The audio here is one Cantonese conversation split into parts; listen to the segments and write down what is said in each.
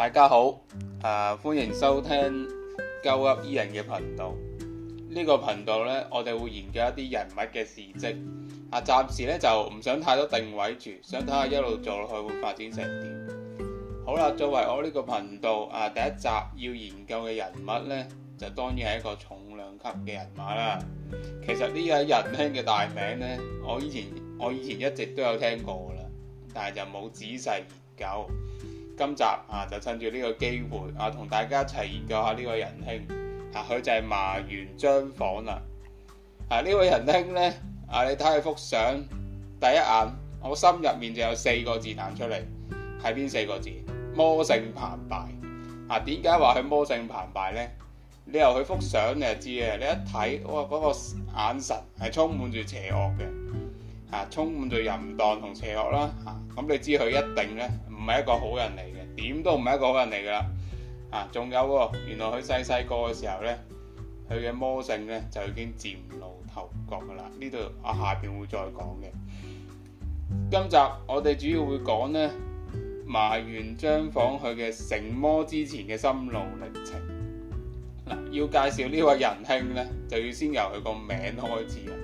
大家好，誒、啊，歡迎收聽鳩噏伊人嘅頻道。呢、這個頻道呢，我哋會研究一啲人物嘅事迹。啊，暫時咧就唔想太多定位住，想睇下一路做落去會發展成點。好啦，作為我呢個頻道誒、啊、第一集要研究嘅人物呢，就當然係一個重量級嘅人物啦。其實呢個仁兄嘅大名呢，我以前我以前一直都有聽過啦，但係就冇仔細研究。今集啊，就趁住呢個機會啊，同大家一齊研究下呢位仁兄啊，佢就係麻原彰晃啦。啊，呢位仁兄呢，啊，你睇佢幅相，第一眼我心入面就有四個字彈出嚟，係邊四個字？魔性澎湃。啊，點解話佢魔性澎湃呢？你由佢幅相你就知嘅，你一睇哇，嗰個眼神係充滿住邪惡嘅。充滿著淫蕩同邪惡啦！嚇，咁你知佢一定咧，唔係一個好人嚟嘅，點都唔係一個好人嚟噶啦！啊，仲有喎，原來佢細細個嘅時候咧，佢嘅魔性咧就已經嶄露頭角噶啦。呢度我下邊會再講嘅。今集我哋主要會講呢麻原彰晃佢嘅成魔之前嘅心路歷程。要介紹呢位仁兄呢，就要先由佢個名開始。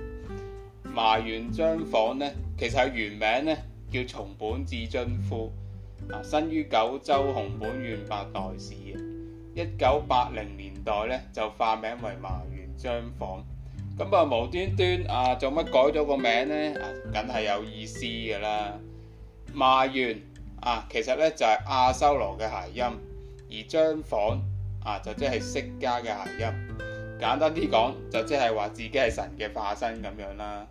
麻原彰晃咧，其實係原名咧叫松本智津夫，啊，生於九州熊本縣八代市嘅。一九八零年代咧就化名為麻原彰晃。咁啊，無端端啊，做乜改咗個名咧？啊，梗係、啊、有意思㗎啦。麻原啊，其實咧就係阿修羅嘅諧音，而彰晃啊就即係釋迦嘅諧音。簡單啲講，就即係話自己係神嘅化身咁樣啦。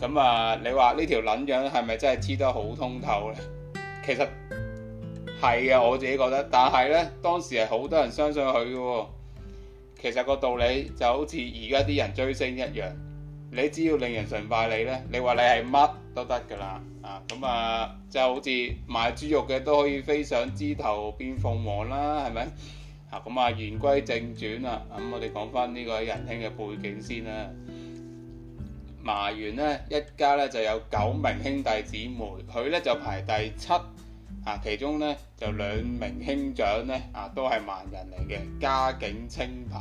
咁啊，你話呢條撚樣係咪真係黐得好通透咧？其實係啊，我自己覺得，但係呢，當時係好多人相信佢嘅，哦。其實個道理就好似而家啲人追星一樣，你只要令人崇拜你呢，你話你係乜都得噶啦。啊，咁啊就好似賣豬肉嘅都可以飛上枝頭變鳳凰啦，係咪？啊，咁啊，言歸正傳啦，咁我哋講翻呢個仁兄嘅背景先啦。麻原咧一家咧就有九名兄弟姊妹，佢咧就排第七啊。其中咧就兩名兄長咧啊，都係盲人嚟嘅，家境清貧。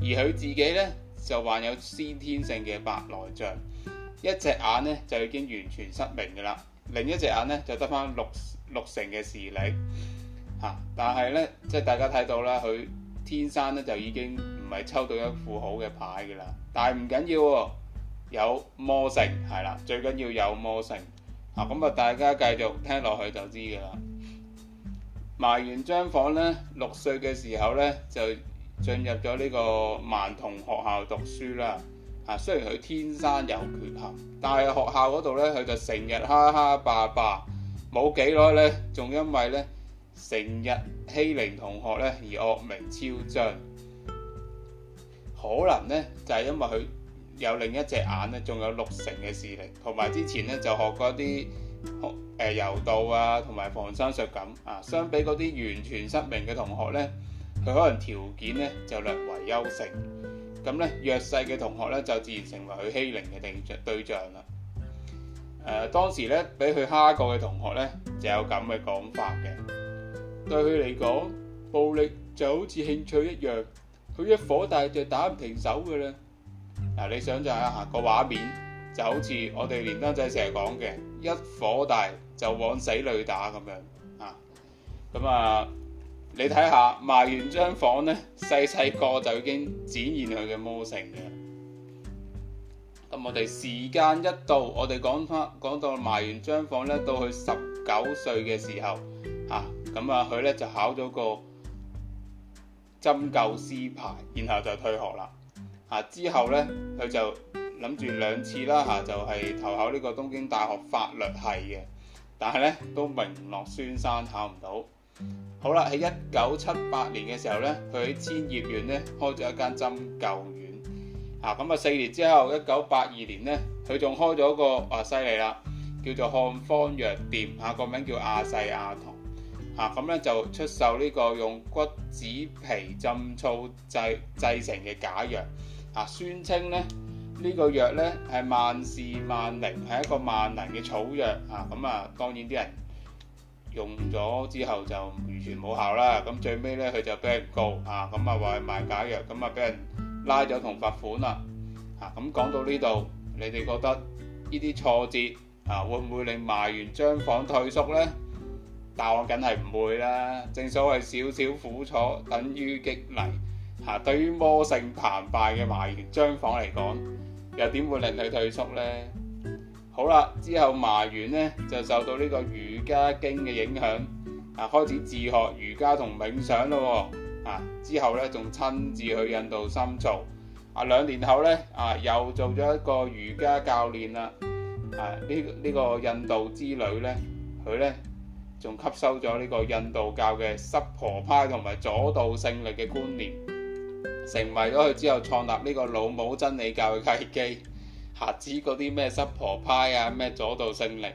而佢自己咧就患有先天性嘅白內障，一隻眼咧就已經完全失明噶啦，另一隻眼咧就得返六六成嘅視力嚇。但係咧即係大家睇到啦，佢天生咧就已經唔係抽到一副好嘅牌噶啦，但係唔緊要，緊要、啊。有魔性，係啦，最緊要有魔性。啊，咁啊，大家繼續聽落去就知噶啦。埋完張房咧，六歲嘅時候咧就進入咗呢個盲童學校讀書啦。啊，雖然佢天生有缺陷，但係學校嗰度咧，佢就成日哈哈霸霸，冇幾耐咧，仲因為咧成日欺凌同學咧而惡名昭彰。可能咧就係、是、因為佢。有另一隻眼咧，仲有六成嘅視力，同埋之前咧就學過啲誒柔道啊，同埋防身術咁啊。相比嗰啲完全失明嘅同學咧，佢可能條件咧就略為優勝。咁咧弱勢嘅同學咧就自然成為佢欺凌嘅對象對象啦。誒，當時咧俾佢蝦過嘅同學咧就有咁嘅講法嘅。對佢嚟講，暴力就好似興趣一樣，佢一火大就打唔停手㗎啦。嗱、啊，你想象一下個畫面，就好似我哋連登仔成日講嘅，一火大就往死裏打咁樣啊！咁啊，你睇下麻原彰晃咧，細細個就已經展現佢嘅魔性嘅。咁我哋時間一到，我哋講翻講到麻原彰晃咧，到佢十九歲嘅時候啊，咁啊，佢咧就考咗個針灸師牌，然後就退學啦。啊！之後咧，佢就諗住兩次啦，嚇就係、是、投考呢個東京大學法律系嘅，但係咧都名落孫山，考唔到。好啦，喺一九七八年嘅時候咧，佢喺千葉縣咧開咗一間針灸院。啊，咁啊四年之後，一九八二年咧，佢仲開咗個啊犀利啦，叫做漢方藥店，啊個名叫亞細亞堂。啊，咁、嗯、咧就出售呢個用骨子皮浸醋製製成嘅假藥。啊，宣稱咧呢個藥咧係萬事萬靈，係一個萬能嘅草藥啊！咁啊，當然啲人用咗之後就完全冇效啦。咁最尾咧，佢就俾人告啊！咁啊，話佢賣假藥，咁啊俾人拉咗同罰款啦。啊！咁講到呢度，你哋覺得呢啲挫折啊，會唔會令麻原彰晃退縮咧？但我梗係唔會啦。正所謂少少苦楚，等於激勵。啊！對於魔性澎湃嘅麻原彰晃嚟講，又點會令佢退縮咧？好啦，之後麻原咧就受到呢個瑜伽經嘅影響，啊，開始自學瑜伽同冥想咯。啊，之後咧仲親自去印度深造。啊，兩年後咧，啊又做咗一個瑜伽教練啦。啊呢呢個印度之旅咧，佢咧仲吸收咗呢個印度教嘅濕婆派同埋左道勝力嘅觀念。成為咗佢之後創立呢個老母真理教嘅契機。下子嗰啲咩濕婆派啊，咩左道聖靈，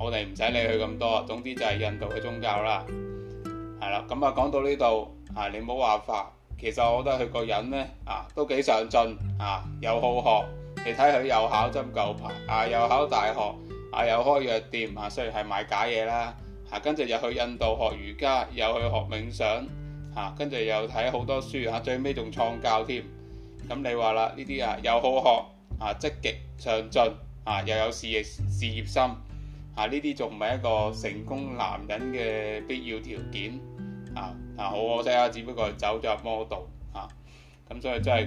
我哋唔使理佢咁多，總之就係印度嘅宗教啦，係啦。咁啊講到呢度啊，你冇話法，其實我覺得佢個人呢，啊都幾上進啊，又好學。你睇佢又考針灸牌啊，又考大學啊，又開藥店啊，雖然係賣假嘢啦，啊跟住又去印度學瑜伽，又去學冥想。嚇，跟住、啊、又睇好多書嚇、啊，最尾仲創教添。咁你話啦，呢啲啊又好學啊，積極上進啊，又有事業事業心啊，呢啲仲唔係一個成功男人嘅必要條件啊？啊，好可惜啊，只不過係走咗入魔道嚇。咁、啊、所以真、就、係、係，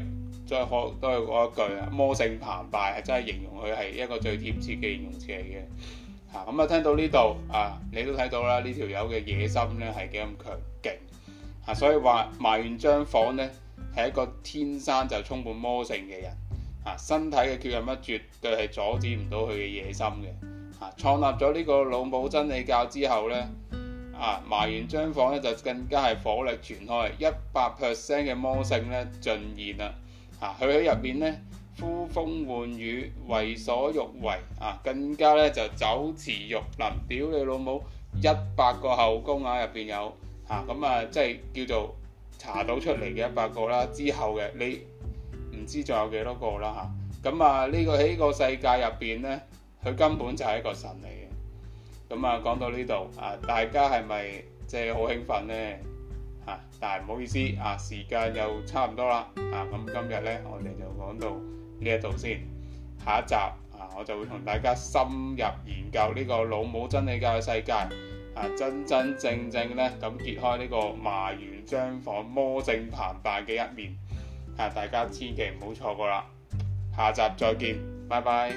所、就、以、係、學都係嗰一句啊，魔性澎湃，係真係形容佢係一個最貼切嘅形容詞嚟嘅嚇。咁啊，啊，啊，聽到呢度啊，你都睇到啦，呢條友嘅野心咧係幾咁強勁。啊，所以話麻原彰晃咧，係一個天生就充滿魔性嘅人。啊，身體嘅缺陷咧絕對係阻止唔到佢嘅野心嘅。啊，創立咗呢個老母真理教之後咧，啊，麻原彰晃咧就更加係火力全開，一百 percent 嘅魔性咧盡現啦。啊，佢喺入邊咧呼風喚雨，為所欲為。啊，更加咧就酒池肉林，屌你老母，一百個後宮啊入邊有。啊，咁啊，即係叫做查到出嚟嘅一百個啦，之後嘅你唔知仲有幾多個啦嚇。咁啊，呢、啊呢個喺、呢個世界入邊呢，佢根本就係一個神嚟嘅。咁啊，講到呢度啊，大家係咪即係好興奮呢？嚇、啊，但係唔好意思啊，時間又差唔多啦。啊，咁、啊、今日呢，我哋就講到呢一度先，下一集啊，我就會同大家深入研究呢個老母真理教嘅世界。啊！真真正正咧，咁揭開呢個麻原彰晃魔性澎湃嘅一面，啊！大家千祈唔好錯過啦，下集再見，拜拜。